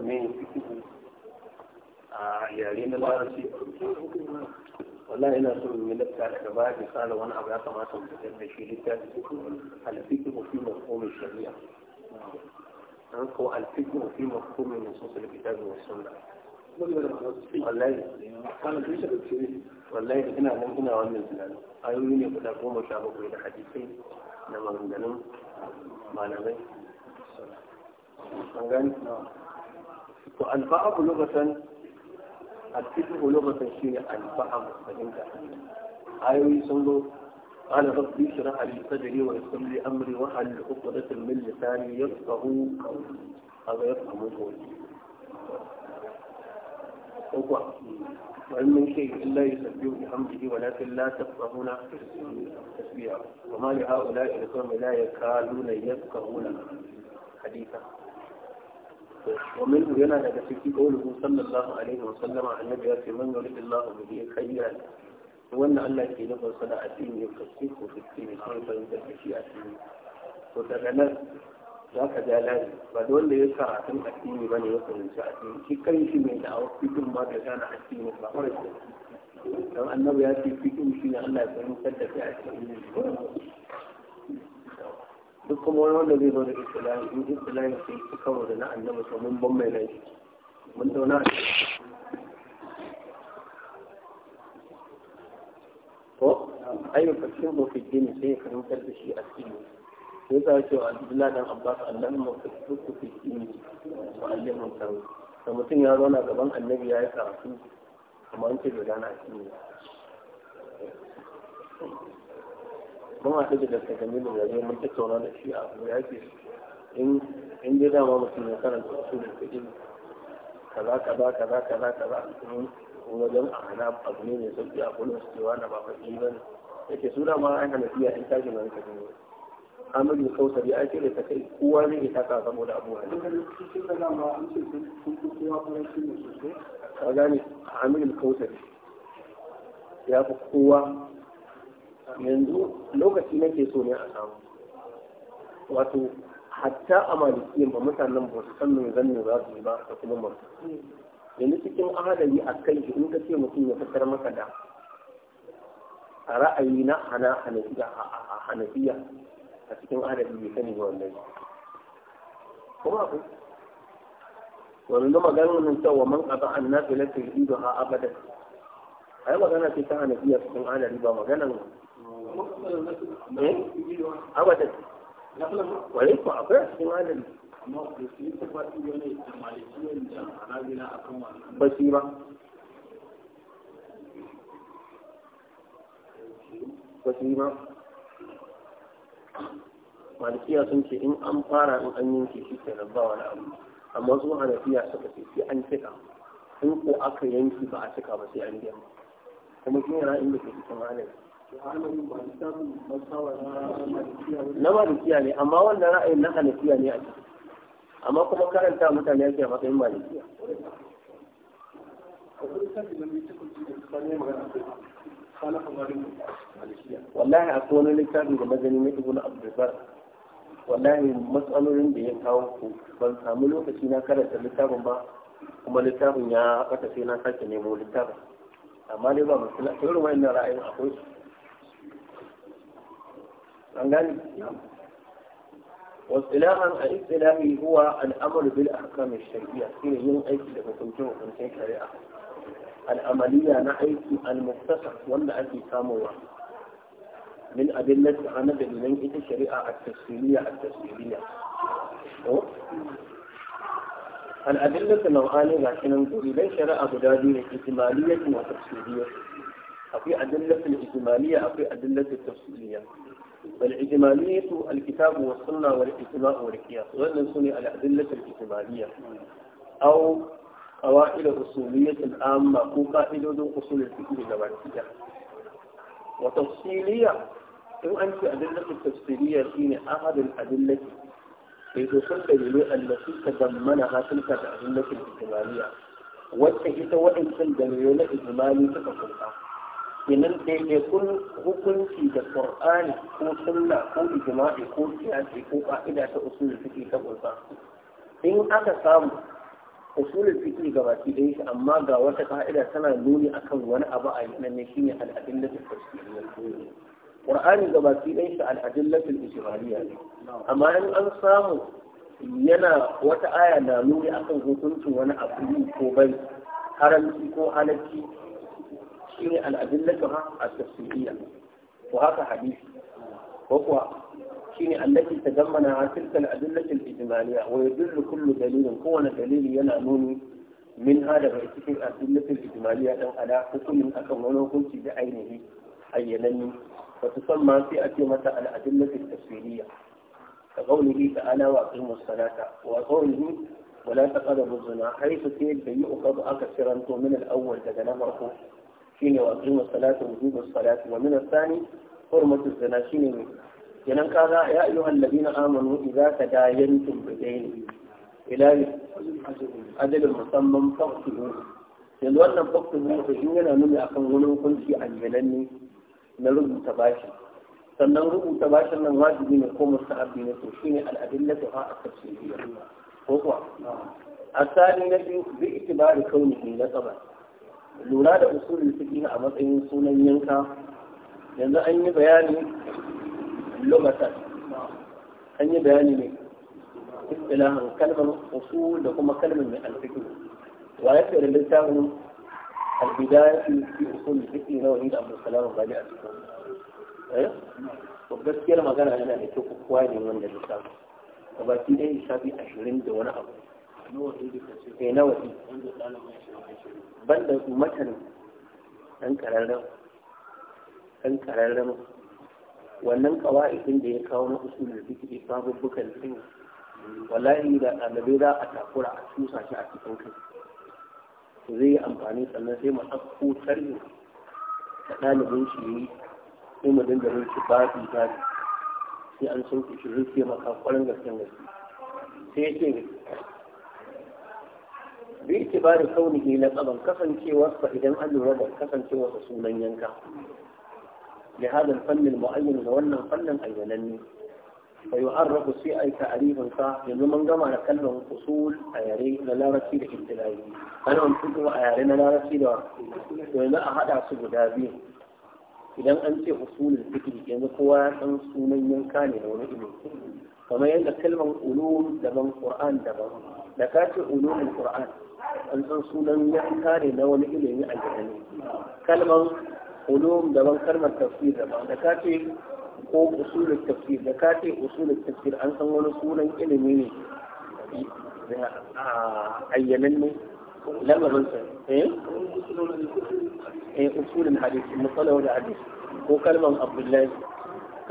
آه، والله انا اصول من نفس الحباب قال وانا ابي اطمع اصول في المشي لتاس الفكر في مفهوم الشريعة انقو الفكر في مفهوم نصوص الكتاب والسنة والله قال ليس بالشريعة والله هنا من هنا وان من ذلك ايوين يقول لكم مشابه الى حديثين نما من ذلك ما نعمل سلام سلام والفهم لغة أكتبه لغة شيء الفهم فهمت آيوي سنو قال ربي اشرح لي صدري ويسر لي أمري وحل عقدة من لساني يفقه هذا من قولي وإن من شيء إلا يسبح بحمده ولكن لا تفقهون تسبيحه وما لهؤلاء القوم لا يكادون يفقهون حديثه ومن هنا يتفكي قوله صلى الله عليه وسلم عن النبي في من يريد الله به خيرا وان الله في نظر صلاة الدين يفكيه في الدين كيف يمكن في شيئة الدين وتغنى ذاك جالان فدول اللي يسعى عن الدين من يوصل من شيئة الدين في كل شيء من دعوة في كل ما تجانا عن الدين فهرسل لو أنه يأتي في كل شيء الله يفكيه في الدين duk kuma wani wanda zai zo da istilahi in istilahi sai su kawo da na annabi to mun ban mai laifi mun zauna ko ayyukan fashin bofi ne sai ya karantar da shi a cikin sai ta ce wa abdullahi dan abbas annabi mu fi dini wa alimun tawo da mutum ya na gaban annabi ya yi karatu kamar ce da gana a cikin mun haɗu da Dr. da Gari mun tattauna da shi a abu ya ce in dai dama mutum ya karanta su da kuɗi kaza kaza kaza kaza kaza wajen a hana abu ne mai sauƙi a kullum su cewa na ba faɗi eh ba ne yake su dama an hana fiya in tashi na rika jini Amadu Kausar ya ce da ta kai kowa ne ya taka saboda abu hali. Ka gane Amadu Kausari ya fi kowa yanzu lokaci nake so ne a samu wato hatta a maliki ba mutanen ba su san mai zanne za su yi ba a kuma mutu yanzu cikin adali a kai shi in ka ce mutum ya fitar maka da a ra'ayi na hana hanafiya a cikin adali ya sani ga wannan kuma ku? wani da maganin nan cewa man qada an nafilatul idu ha abadan ai magana ce ta hanafiya cikin adali ba maganan eh abadan a malikiya sun ce in an fara in an yanke shi ke rabba wani abu amma su hanafiya suka ce sai an cika in ko aka yanki ba a cika ba sai an biya kuma shi yana inda ke cikin hanafi na malikiya ne amma wannan ra'ayin na hanafiya ne a ciki amma kuma karanta mutane yake a matsayin malikiya wallahi a wani littafin da mazani na ibn abdulbar wallahi matsalolin da ya kawo ku ban samu lokaci na karanta littafin ba kuma littafin ya ɓata sai na sake nemo littafin amma dai ba masu irin na ra'ayin akwai والإلهان الإسلامي هو الأمر بالأحكام الشرعية حين يوم أيك لكم جمع من شيء كريعة الأمالية نعيك المفتسح وانا أتي كاموا من أدلة عن بلنين إيك شريعة التسليمية التسليمية الأدلة نوعان لكن نقول لي شرع أبدادي إجمالية وتسليمية أفي أدلة الإجمالية أفي أدلة التسليمية فالإجمالية الكتاب والسنة والإجماع والقياس وأن سنة الأدلة الإجمالية أو قواعد الأصولية العامة أو قاعدة أصول الفكر النباتية وتفصيلية إن أنت أدلة التفصيلية حين أحد الأدلة لتسلل التي تضمنها تلك الأدلة الإجمالية وتجد وإن سلل إجمالي تفصيلها kenan kun hukunci da ƙur'ani ko sunna ko ijma'i ko kiyasi ko ƙa'ida ta usulul suke ta ƙunsa in aka samu usulul fiqh ga baki da shi amma ga wata ƙa'ida tana nuni akan wani abu a yanan ne shine al da ta ƙur'ani ga baki da shi al-adillatul ijmaliyya ne amma in an samu yana wata aya na nuni akan hukuncin wani abu ko bai haramci ko halacci شيء الأدلة التفسيرية وهذا حديث وهو شيء التي تضمنها تلك الأدلة الإجمالية ويدل كل دليل هو دليل ينامون من هذا بإتكاء الأدلة الإجمالية أن على حكم أكون كنت بعينه عينني وتسمى في متى الأدلة التفسيرية كقوله تعالى وأقيم الصلاة وقوله ولا تقربوا الزنا حيث كيد بيؤخذ أكثرا من الأول تتنمر shine wa aqimu salata wa yuqimu salata wa min ath-thani hurmatu zina shine kenan kaza ya ayyuhal ladina amanu idza tadayantum bidayn ila ajalin musamman faktuhu yanzu wannan faktuhu shi yana nuna akan wani hukunci ayyananne na rubuta bashi sannan rubuta bashin nan wajibi ne ko musta'abi ne to shine al'adillatu ha at-tafsiriyya ko kuwa asali na biyu bi itibari kaunihi na tsaba lura da usulul fiqh a matsayin sunan yanka yanzu an yi bayani lugatan an yi bayani ne istilahan kalmar usul da kuma kalmar mai alfiqh wa ya da littafin albidaya fi usulul fiqh na wani da Abu salama Ghali a cikin eh to gaskiyar magana yana da kyau kowa ne wanda littafin gabaki ɗaya shafi ashirin da wani abu kai eh, na wasi banda matan ɗan ƙararren ɗan ƙararren wannan ƙawa'idin da ya kawo na usulul fiqh babbukan fiqh wallahi da ɗalibai za a takura a tusa shi a cikin kai to zai yi amfani sannan sai mu ɗauko tarihi da ɗalibin shi yi sai mu dinga yin shi babi babi sai an sauke shi rufe maka ƙwarin gaske gaske sai ya ce باعتبار كونه لقب لقبا كفن كيوس فإذا أن الكفن كفن وصف سونا ينكح لهذا الفن المعين وأن فنا أيمنني ويعرف في أي تعريف صح لأنه من جمع على كلمة أصول أياري لا رسيد إبتلائي أنا أنتج أياري لا رسيد ولا أحد أصول دابي إذا أنت أصول الفكر يعني قوة سونا ينكا لأنه فما يقول كلمة علوم دبن القرآن دبن لكاتب علوم القرآن an san sunan yanka ne na wani ilimi a ne kalmar ulum daban kalmar tafsir daban da ka ce ko usulul tafsir da ka ce usulul tafsir an san wani sunan ilimi ne ayyanan ne lamarin sa eh eh usulun hadith musalla da hadith ko kalmar abdullahi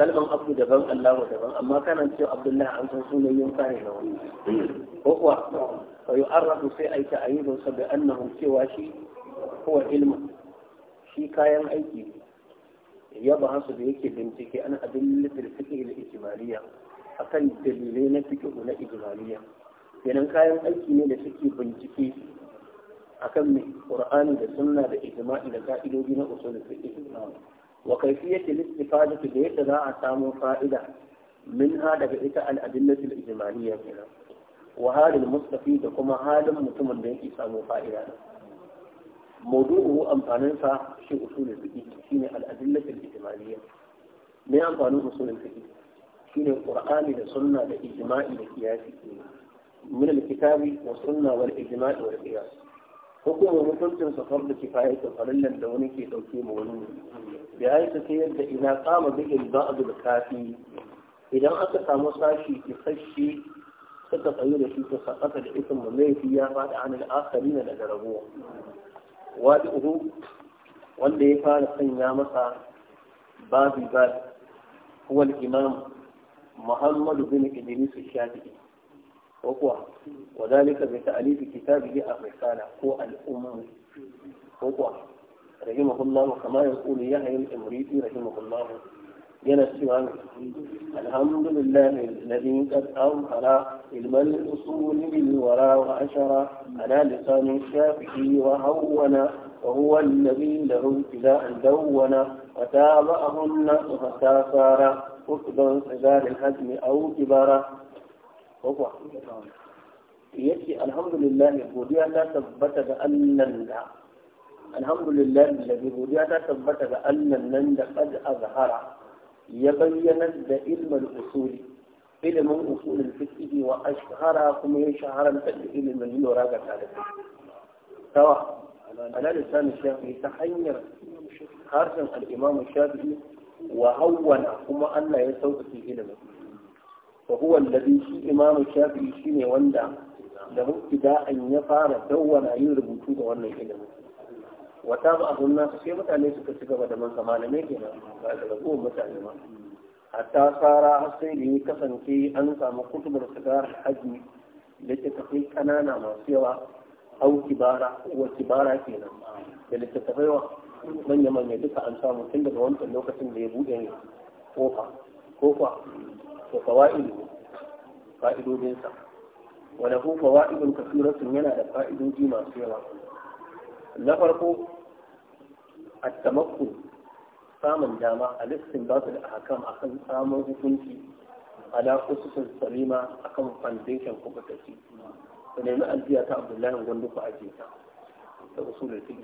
kalman abdu daban Allah daban amma kana cewa Abdullahi an san sunan yanka ne na wani ko kuwa fa yu'arradu sai ai ta'ayyudun sa bi annahun cewa shi huwa ilmu shi kayan aiki ya ba hasu da yake bincike an abin litir da al-ijmaliya akan dalilai na fiqh na ijmaliya kenan kayan aiki ne da suke bincike akan mai qur'ani da sunna da ijma'i da ka'idodi na usul fiqh wa kayfiyati al-istifadati da yadda za a samu fa'ida minha daga ita al-adillatu al-ijmaliya kenan Wahalin halin mustafi da kuma halin mutumin da yake samu fa'ida da mawdu'u amfaninsa shi usulul fiqh shine al-adillah al-ijmaliyya me amfanin usulul fiqh shine ƙur'ani da sunna da ijma'i da qiyasi min al-kitabi wa sunna wal ijma'i wal qiyas hukumar hukuncin sa farda kifaya ta farillan da wani ke dauke ma wani bi ayata sai yadda ina kama bi al-ba'd al-kafi idan aka samu sashi isasshe suka tsaye da shi ta sakata da isin mu laifi ya faɗi an al'akari na daga rabuwa wadi uhu wanda ya fara sanya masa Babu babi huwa imam muhammadu bin idris shafi'i ko kuwa wadalika bi ta'alifi kitabihi ar-risala ko al ko kuwa rahimahullahu kama yaqulu yahya al-imriti rahimahullahu ينسوا الحمد لله الذي قد أظهر علم الأصول بالورى وأشرى على لسان الشافعي وهون وهو الذي له ابتداء دون وتابعه الناس صار قطبا صغار الحجم أو كبارا يأتي الحمد لله godiya ta ثبت ga annan da alhamdulillah da godiya ثبت tabbata ga annan nan يبين العلم الأصول علم أصول الفقه وأشهركم يشهر العلم اللي وراك تعرفه سواء على لسان الشافعي تحير خارجا الإمام الشافعي وأولا هم أن يسوق في علمه وهو الذي في إمام الشافعي شيني وندا له ابتداء أن يقال دون أن يربطوه وأن يعلمه wata ba abun nasu sai mutane suka ci gaba da mansa malamai kenan ba da raguwar mutane ma hatta tsara har sai da ya kasance an samu kutubar sigar hajji da littattafai ƙanana masu yawa au kibara wa kibara kenan da littattafai wa manya manya duka an samu tun daga wancan lokacin da ya buɗe ne kofa kofa to fawa'idu fa'idodinsa wa lahu fawa'idun kasiratun yana da fa'idodi masu yawa na farko a tamakku samun dama a listin ba su da a kan samun hukunci ala ususun salima akan foundation kuma tafi ci da nemi aljiya ta abdullahi wanda ku ake ta da usulun fi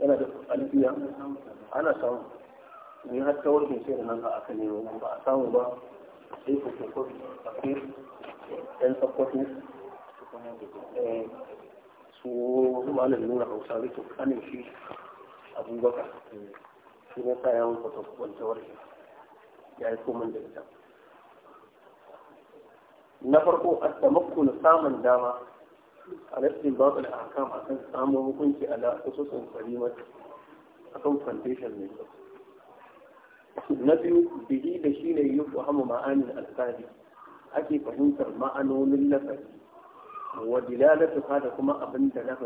yana da aljiya ana samu ne har ta wurin sai da nan ba kan nemo ba a samu ba sai ku kwakwa a kai su malam nuna hausa rikin kanin shi abubakar shi na sa yawon kwata kwancewar shi ya yi komin da ita na farko a tamakku na samun dama a nasirin babu da akam a kan samun hukunci a la'asusun karimar a kan foundation mai na biyu bihi da shi ne yi fahimu ma'anin alƙali ake fahimtar ma'anonin lafazi ودلالة ودلالتها لكم أبن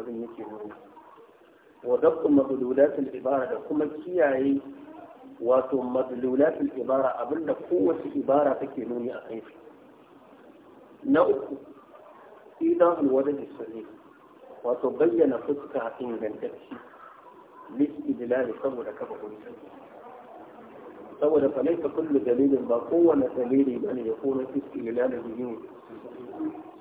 من يكيبون وضبط مدلولات العبارة لكم السياعي وثم مدلولات العبارة أبن قوة عبارة تكيبون أخيف نوكو إذا الولد السليم وتبين فتك عقيم من تأشي لإدلال صور كبه السليم فليس كل دليل بقوة دليل من يكون في استدلال الدين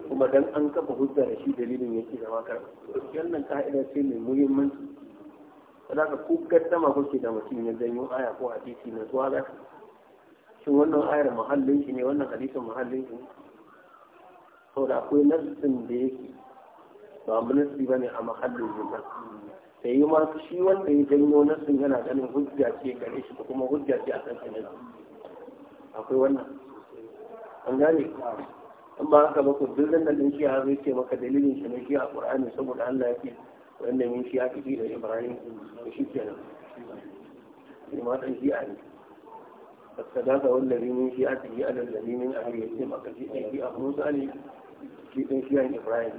kuma dan an kafa hujja da shi dalilin yake zama karɓa wannan ka'ida ce mai muhimmanci za ka ku gaddama kuke da mutum ya janyo aya ko hadisi na zuwa da shi? shin wannan ayar muhallin shi ne wannan hadisin muhallin shi ne saboda akwai nassin da yake ba mu nassi ba ne a muhallin juna da yi ma shi wanda ya janyo nassin yana ganin hujja ce gare shi kuma hujja ce a kan akwai wannan an gane amma haka ba ku duk zan nan shi shi'a zai ce maka dalilin shi na shi a ƙur'ani saboda Allah ya ce wanda shi ya ta da ibrahim da shi ke nan ne ma ɗan shi'a ne ta da ta wanda shi shi'a ta shi'a da zalimin a hanyar ce maka shi'a ne a kuma sa ne shi ɗan shi'a ne ibrahim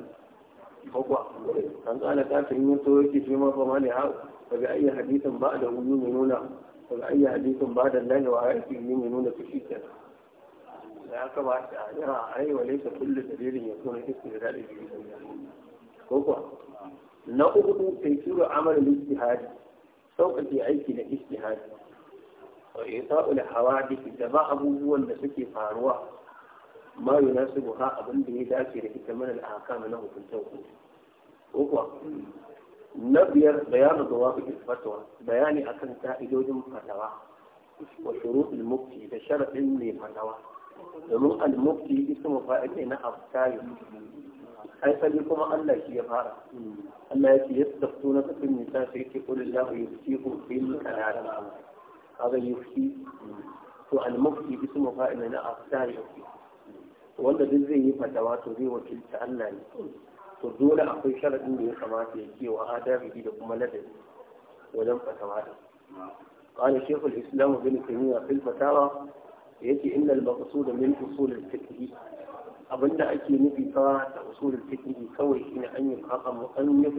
kwakwa an tsana kafin yin to yake shi ma fama ne haku daga ayyar hadisin ba da wuyu mai nuna daga ayyar hadisin ba da lalewa ya fi yi mai nuna su shi هكذا أشعر أي أيوة، وليس كل دليل يكون استدلال في سبيل الله كفا نقول في سورة عمل الاجتهاد سوف في عيك الاجتهاد وإعطاء الحوادث جماعة هو النسكي فاروة ما يناسبها أبن به ذاكرة كمن الأحكام له في السوق كفا بيان ضوابط الفتوى بيان أكن تائدو جمع وشروط المكتي بشرط من domin al-mufti ismu fa'il ne na aftayu asali kuma Allah shi ya fara Allah ya ce yastaftuna ka fil nisa sai ce qul Allahu yuftikum fil kalam kaga yufti to al-mufti ismu fa'il na aftayu wanda duk zai yi fatawa to zai wakilta Allah ne to dole akwai sharadin da ya kamata ya ke wa adabi da kuma ladabi wajen fatawa قال شيخ الإسلام بن تيمية في الفتاوى yake innal maqsud min usul al-fiqh abinda ake nufi fa da usul al-fiqh kawai shine an yi haka mu'annin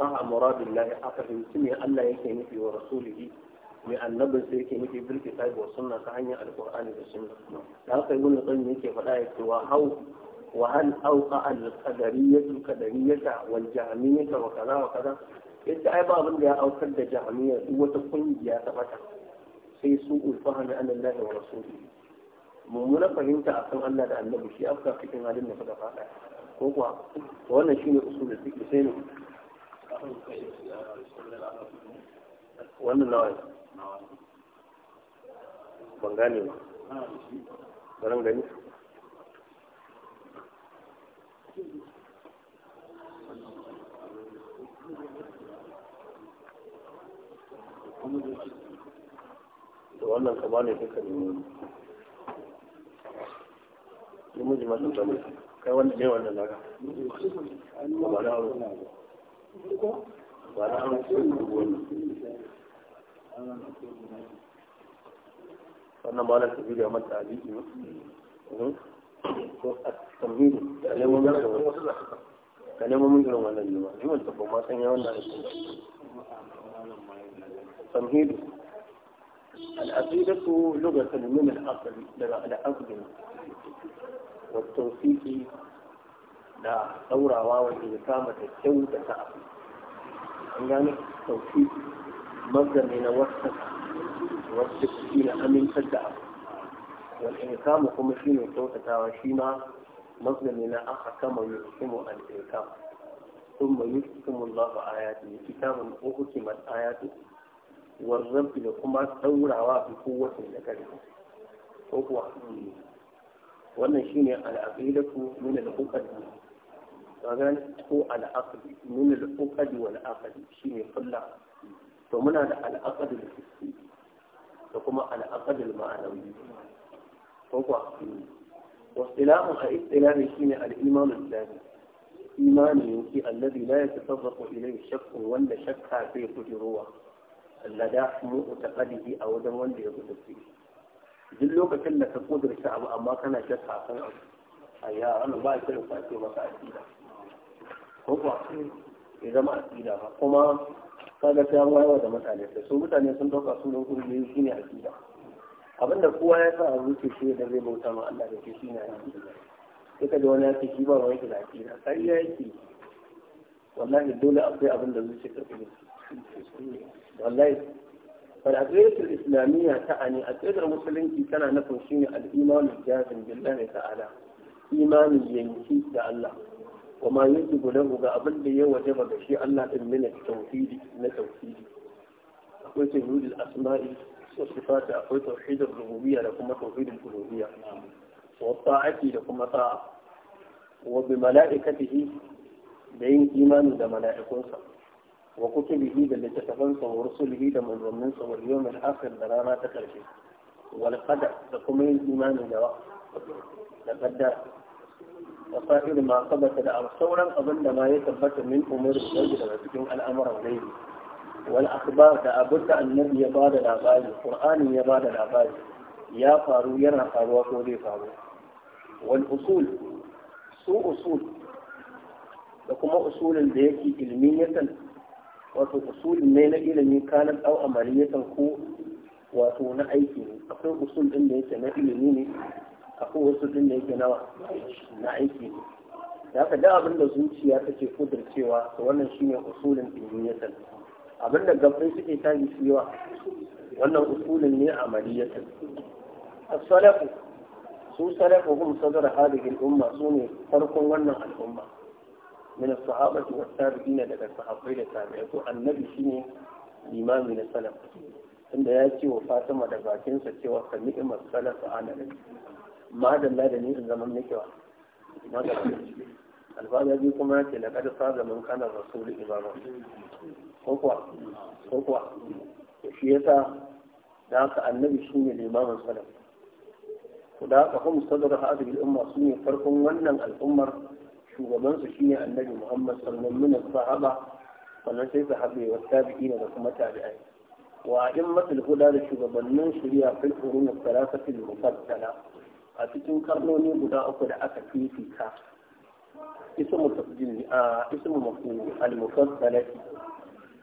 sa'a muradillahi a fahimci me Allah yake nufi wa rasulihi mai annabin sai yake nufi bil kitabi wa sunna ta hanyar alqur'ani da sunna da haka ibn qayyim yake faɗa ya ce wa hau wa hal auqa al qadariyatu qadariyata wal jahmiyata wa kaza wa kaza yace ai ba abin da ya aukar da jahmiya duk wata kungiya ta bata sai su ulfahami an Allah wa rasuli mummuna fahimta a kan Allah da annabi shi afka cikin halin da suka fada ko kuwa wannan shi shine usulul fiqh sai ne wannan nawa ban gane ba ban gani wannan kama ne suka ne ne miji masu zama kai wanda ne wannan naka ba na aro ba na aro sai na wannan wannan ba na tafi da mata aliki ne ko mhm. a tambayi da neman gara da wasu zaka ka nemo min irin wannan ne ma wanda ba ma san yawan da ake tamhidu الأقيدة لغة من الأقل لغة الأقل والتوفيق لا ثورة والإقامة الجودة يعني التوثيق مصدر من وقت والتكفين أمن فدعه والإنكام هم شين الجودة وشيما مصدر من أحكم يحكم الإقامة ثم يحكم الله آياته كتاب أحكمت آياته warrafi da kuma saurawa fi kowace da kare ko kuwa wannan shine al'aqidatu min al-uqad kaga ko al min al-uqad wal aqd shine kulla to muna da al da al da kuma al al-ma'anawi ko kuwa واصطلاحه كاصطلاح شيء الايمان الثاني ايمان ينفي الذي لا يتطرق اليه الشك ولا شك في قدره lada mu'taqadihi a wajen wanda ya kudurce duk lokacin da ka kudurce abu amma kana shakka akan abu ayya ana ba shi da kwace masa aqida ko kuwa ya zama aqida ba kuma kaga ta wayewa da mutane sai su mutane sun dauka su don kurbi shine Abin abinda kowa ya sa a zuciya shi da zai bauta ma Allah da ke shine aqida sai kaga wani ya ce shi ba wani da sai ya yake wallahi dole akwai abin da zuciya ta fi والله فالعقيدة الإسلامية تعني عقيدة المسلمين كان نفهم شيء الإيمان الجازم بالله تعالى إيمان ينكي الله وما يجب له قبل لي وجب بشيء الله من التوحيد من التوحيد أقول تجهود الأسماء والصفات أقول توحيد الربوبية لكم توحيد الألوهية والطاعة لكم طاعة وبملائكته بين إيمان وملائكته وكتبه ده لتتفنسه ورسله ده من واليوم الآخر دراما رانا تكرشه ولقد ده إيمان ده لقد وصائر ما ثبت ده ثورا أظن ما يثبت من أمور الزوج لما الأمر عليه والأخبار لابد أن نبي بعد العباد القرآن يباد العباد يا فارو يا فارو وكولي فارو والأصول سوء أصول لكم أصول ذيك علمية wato usul ne na ilimi kanan au amaliyatan ko wato na aiki ne akwai usul din da yake na ilimi ne akwai wasu din da yake nawa na aiki ne ya ka da abin da zuciya take kudurcewa to wannan shine usulin ilmiyatan abin da gabbai suke tashi su yawa wannan usulin ne amaliyatan as-salafu su salafu hum sadar hadhihi al-umma sune farkon wannan al'umma من الصحابة والتابعين لدى الصحابين التابعين النبي شيني limami na salaf inda ya ce wa fatima da bakinsa cewa ka ni'imar salaf a nan madalla da ni in zaman nikewa alfaza kuma ya ce na kada sa zaman kana rasulu imama ko kuwa shi yasa da haka annabi shi ne limamin salaf ku da haka hum sadar hadhihi al ne farkon wannan al'ummar shugaban su shine annabi Muhammad sannan alaihi wasallam sahaba sannan sai sahabbai wa tabi'ina da kuma tabi'ai wa in matul huda da shugabannin shari'a fil qurun al-thalathatil mufaddala a cikin karnoni guda uku da aka fifita ismu tafdil a ismu mafhum al-mufaddala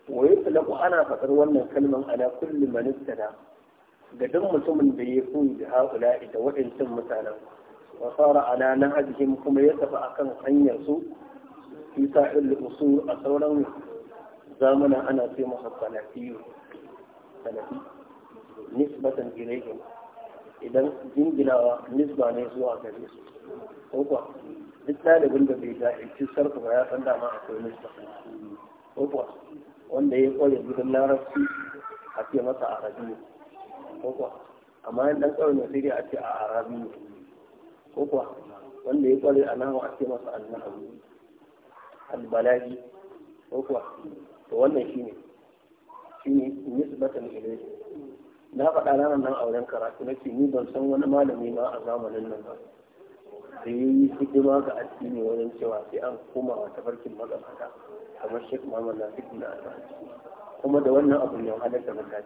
wa yutlaqu ana fadar wannan kalman ala kulli man ibtada ga duk mutumin da ya kunji da da waɗancan mutanen wa sara ala nahajihim kuma ya tafi akan hanyar su fi sa'il usul a sauran zamanin ana ce masa salafiyu salafi nisbatan ilaihim idan jinginawa nisba ne zuwa gare su ko duk ɗalibin da bai jahilci sarku ba ya san dama akwai nisba ko kuwa wanda ya kware gidan larabci a ce masa arabi ko kuwa amma yin ɗan kawai ne sai a ce a arabi ne ko kuwa wanda ya kware a wa a masa annahu albalagi ko kuwa to wannan shine shine nisbatan ilayhi na faɗa ranar nan auren karatu na ce ni ban san wani malami ma a zamanin nan ba da ya yi hidima ga addini wajen cewa sai an koma wa tafarkin magabata kamar shek muhammad na bin alfahari kuma da wannan abu ne wahalar da mutane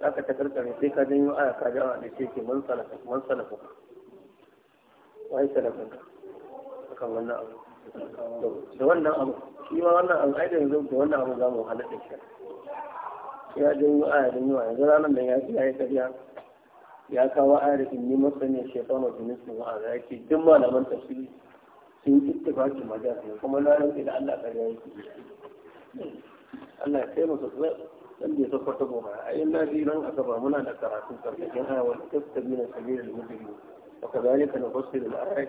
za ka ta karkare sai ka janyo aya ka jawa da ce ke man salafa wai sadaka kan wannan abu da wannan abu shi ma wannan abu ai da yanzu da wannan abu za mu wahala halatta shi ya janyo aya da yawa yanzu ranar da ya ya yi karya ya kawo aya da inni masani shaytanu jinnis wa aza yake duk malaman tafsiri sun ma ittifaki magana kuma na rantsi da Allah karya yake Allah ya kai musu dan bai so kwata goma ayin na ji ran aka ba muna da karatu karkashin aya wal tastabina sabilil mujrimin وكذلك نفصل الآيات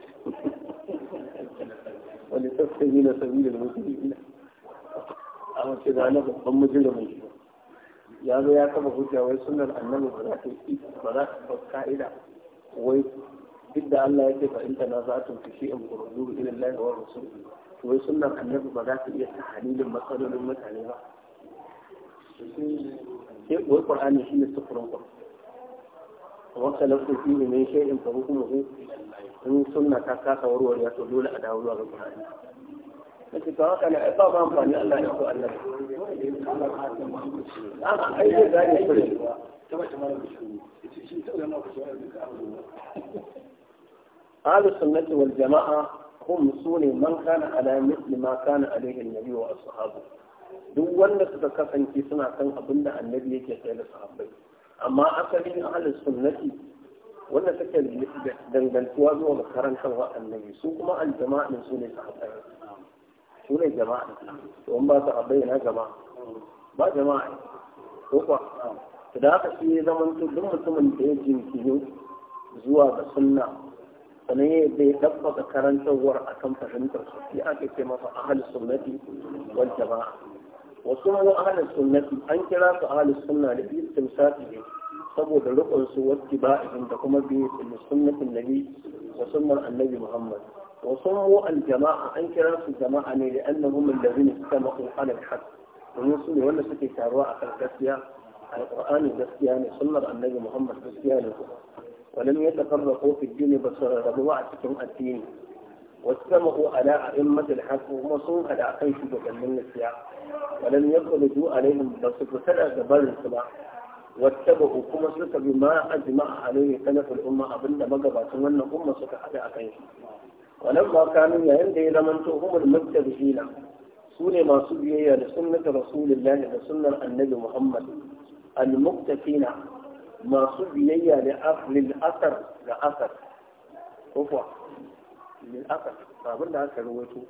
ولتستبين سبيل المسلمين أما كذا أنا بضم جلهم يا ذو يا كما هو جاوي وي سنة النبي فلا تشتيك كائدة قائلة وي إذا الله يكفى إن تنازعتم في شيء فردوه إلى الله ورسوله wai sunan annabi ba za ta iya ta halilin matsalolin mutane ba. Wai Qur'ani shi ne sufurin Qur'ani. واختلفت فيه من شيء فحكمه in sunna ta kasa warwarewa to dole a dawo zuwa ga Qur'ani kace to haka ne ba ma amfani Allah ya so Allah a ai zai gane shi أهل السنة والجماعة هم سوني من كان على مثل ما كان عليه النبي وأصحابه دون أن تتكفن في سنة أبن النبي كي صحابه amma asalin ahalin sunnati wanda take dangantuwa zuwa makarantar waɗannan su kuma aljama'a su ne sahabbai su ne jama'a to in ba abai na jama'a ba jama'a ko kuwa to da haka shi zaman to duk mutumin da ya jinkiri zuwa ga sunna sannan ya bai tabbata karantarwar akan fahimtar su shi ake ce masa ahalin sunnati wal jama'a وكما أهل السنة أنكرا فأهل السنة لدي استمساته سبو دلق أنسو واتباعهم تقوم به في السنة النبي وسنة النبي محمد وصموا الجماعة أنكرا في الجماعة لأنهم الذين استمعوا على الحق ونصلي ولا سكي تاروا أخر كسيا القرآن الجسيان سنة النبي محمد جسيانه ولم يتفرقوا في الدين بصر ربوا الدين واجتمعوا على أئمة الحق ومصون على قيس بكل من السياق ولم يقلدوا عليهم بسك سنة قبل الصلاة واتبعوا كما سلك بما أجمع عليه سلف الأمة أبن مقبا سنن أمة سك على قيس ولما كانوا يهندي لمنتهم المبتدئين سورة ما سبيه لسنة رسول الله لسنة النبي محمد المقتفين ما سبيه لأهل الأثر لأثر عفوا bil asal abin da aka rawaito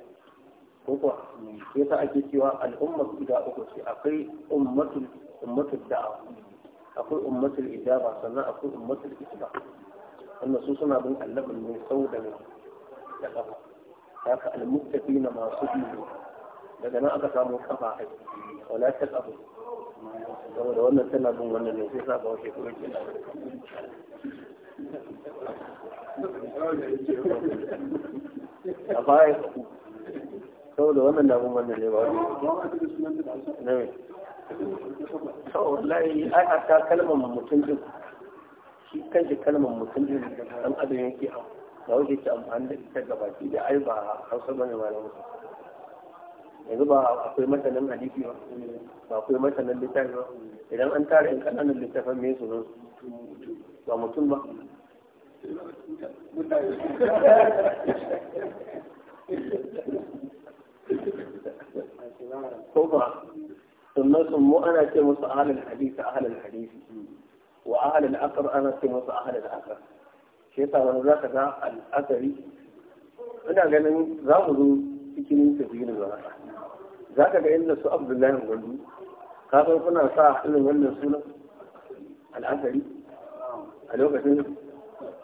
ko kuwa yasa ake cewa al'ummar guda uku ce akwai ummatul da'a akwai ummatul ijaba sannan akwai ummatul isba wannan su suna bin annabin ne sau da ne da kafa haka al-muttafi na masu biyu daga nan aka samu kafa ai wala ta kafa saboda wannan tana bin wannan ne sai sa ba wace kuma ke a baya ku saboda wannan damun wannan ne ba wani ne wallahi ai a ta kalmar mutum din shi kanshi kalmar mutum din dan adam yake ba wuce ta amfani da ita gabaki da ai ba hausa bane malamu yanzu ba akwai masanin hadisi ba ba akwai masanin littafi ba idan an tara in kananan littafin me su ba mutum ba mutane ko sannan sun mu ana ce musu ahalin hadisi ahalin hadisi wa ahalin akar ana ce musu ahalin akar shi yasa wani za ka ga al'akari ina ganin za mu zo cikin tafiyin zara za ka ga inda su abdullahi gwandu ka san kuna sa irin wannan sunan al'akari a lokacin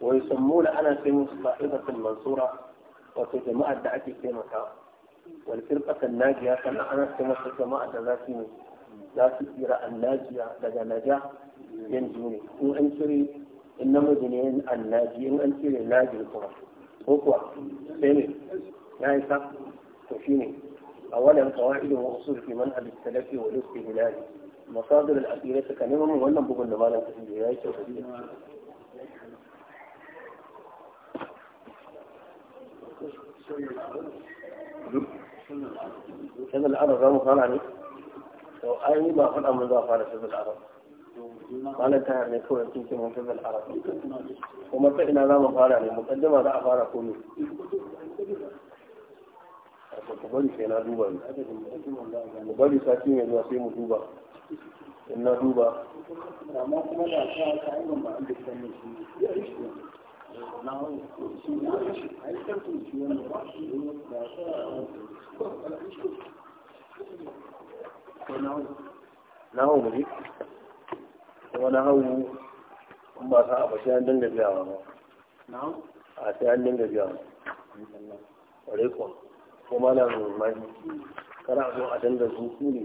ويسمون أنا في صاحبة المنصورة جماعة دعتي في مكة والفرقة الناجية كان أنس وتجمع ذاتي ذات إيرا الناجية لدى نجاح ينجوني وأنشري إنما جنين الناجي وأنشري ناجي الكرة هو سيني يعني تشيني أولا قواعد وأصول في منهج السلف والاستهلال مصادر الأسئلة كلمة ولا بقول لما لم تكن shazal arab za mu fara ne to ai ba faɗa mun za a fara shazal arab malam ta ne kawai kin kin mun shazal arab kuma ta ina za mu fara ne mukaddama za a fara ko ne ku bari sai na duba ne ku bari sati mai zuwa sai mu duba in na duba amma kuma da ta ta yi ba an da sanin shi nahu ne kuma nahu in ba sa a sai an dinga biya ba a sai an dinga biyawa ƙwarai kuwa kuma kuma na mai kana zo a dinga zuku ne